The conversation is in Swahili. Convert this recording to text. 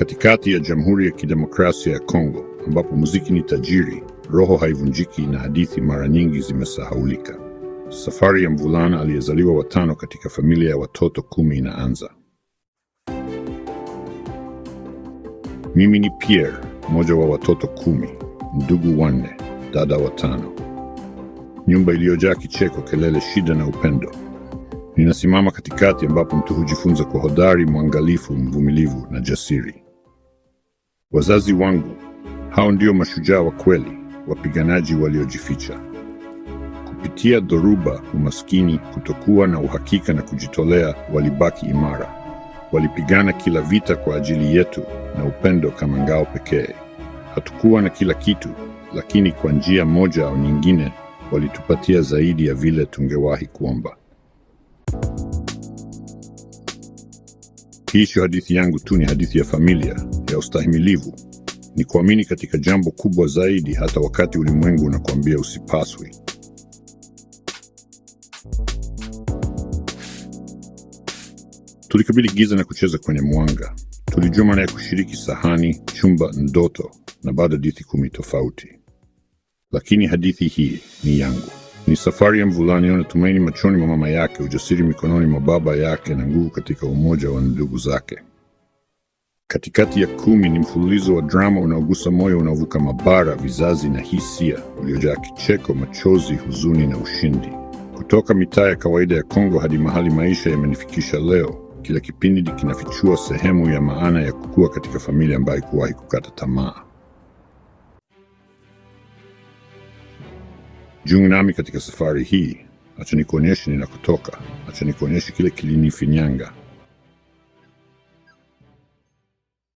katikati ya Jamhuri ya Kidemokrasia ya Kongo ambapo muziki ni tajiri, roho haivunjiki na hadithi mara nyingi zimesahaulika. Safari ya mvulana aliyezaliwa watano katika familia ya watoto kumi inaanza. Mimi ni Pierre, mmoja wa watoto kumi, ndugu wanne, dada watano. Nyumba iliyojaa kicheko, kelele, shida na upendo. Ninasimama katikati ambapo mtu hujifunza kwa hodari, mwangalifu, mvumilivu na jasiri. Wazazi wangu, hao ndio mashujaa wa kweli, wapiganaji waliojificha. Kupitia dhoruba, umaskini, kutokuwa na uhakika na kujitolea, walibaki imara. Walipigana kila vita kwa ajili yetu na upendo kama ngao pekee. Hatukuwa na kila kitu, lakini kwa njia moja au nyingine walitupatia zaidi ya vile tungewahi kuomba. Hii sio hadithi yangu tu, ni hadithi ya familia, ya ustahimilivu, ni kuamini katika jambo kubwa zaidi, hata wakati ulimwengu unakuambia usipaswi. Tulikabili giza na kucheza kwenye mwanga. Tulijua maana ya kushiriki sahani, chumba, ndoto na bado hadithi kumi tofauti, lakini hadithi hii ni yangu. Ni safari ya mvulani yana tumaini machoni mwa mama yake, ujasiri mikononi mwa baba yake, na nguvu katika umoja wa ndugu zake. Katikati ya Kumi ni mfululizo wa drama unaogusa moyo, unaovuka mabara, vizazi na hisia, uliojaa kicheko, machozi, huzuni na ushindi. Kutoka mitaa ya kawaida ya Kongo hadi mahali maisha yamenifikisha leo, kila kipindi kinafichua sehemu ya maana ya kukua katika familia ambayo haikuwahi kukata tamaa. Jiunge nami katika safari hii, acha nikuonyeshe ninakotoka, acha nikuonyeshe kile kilinifinyanga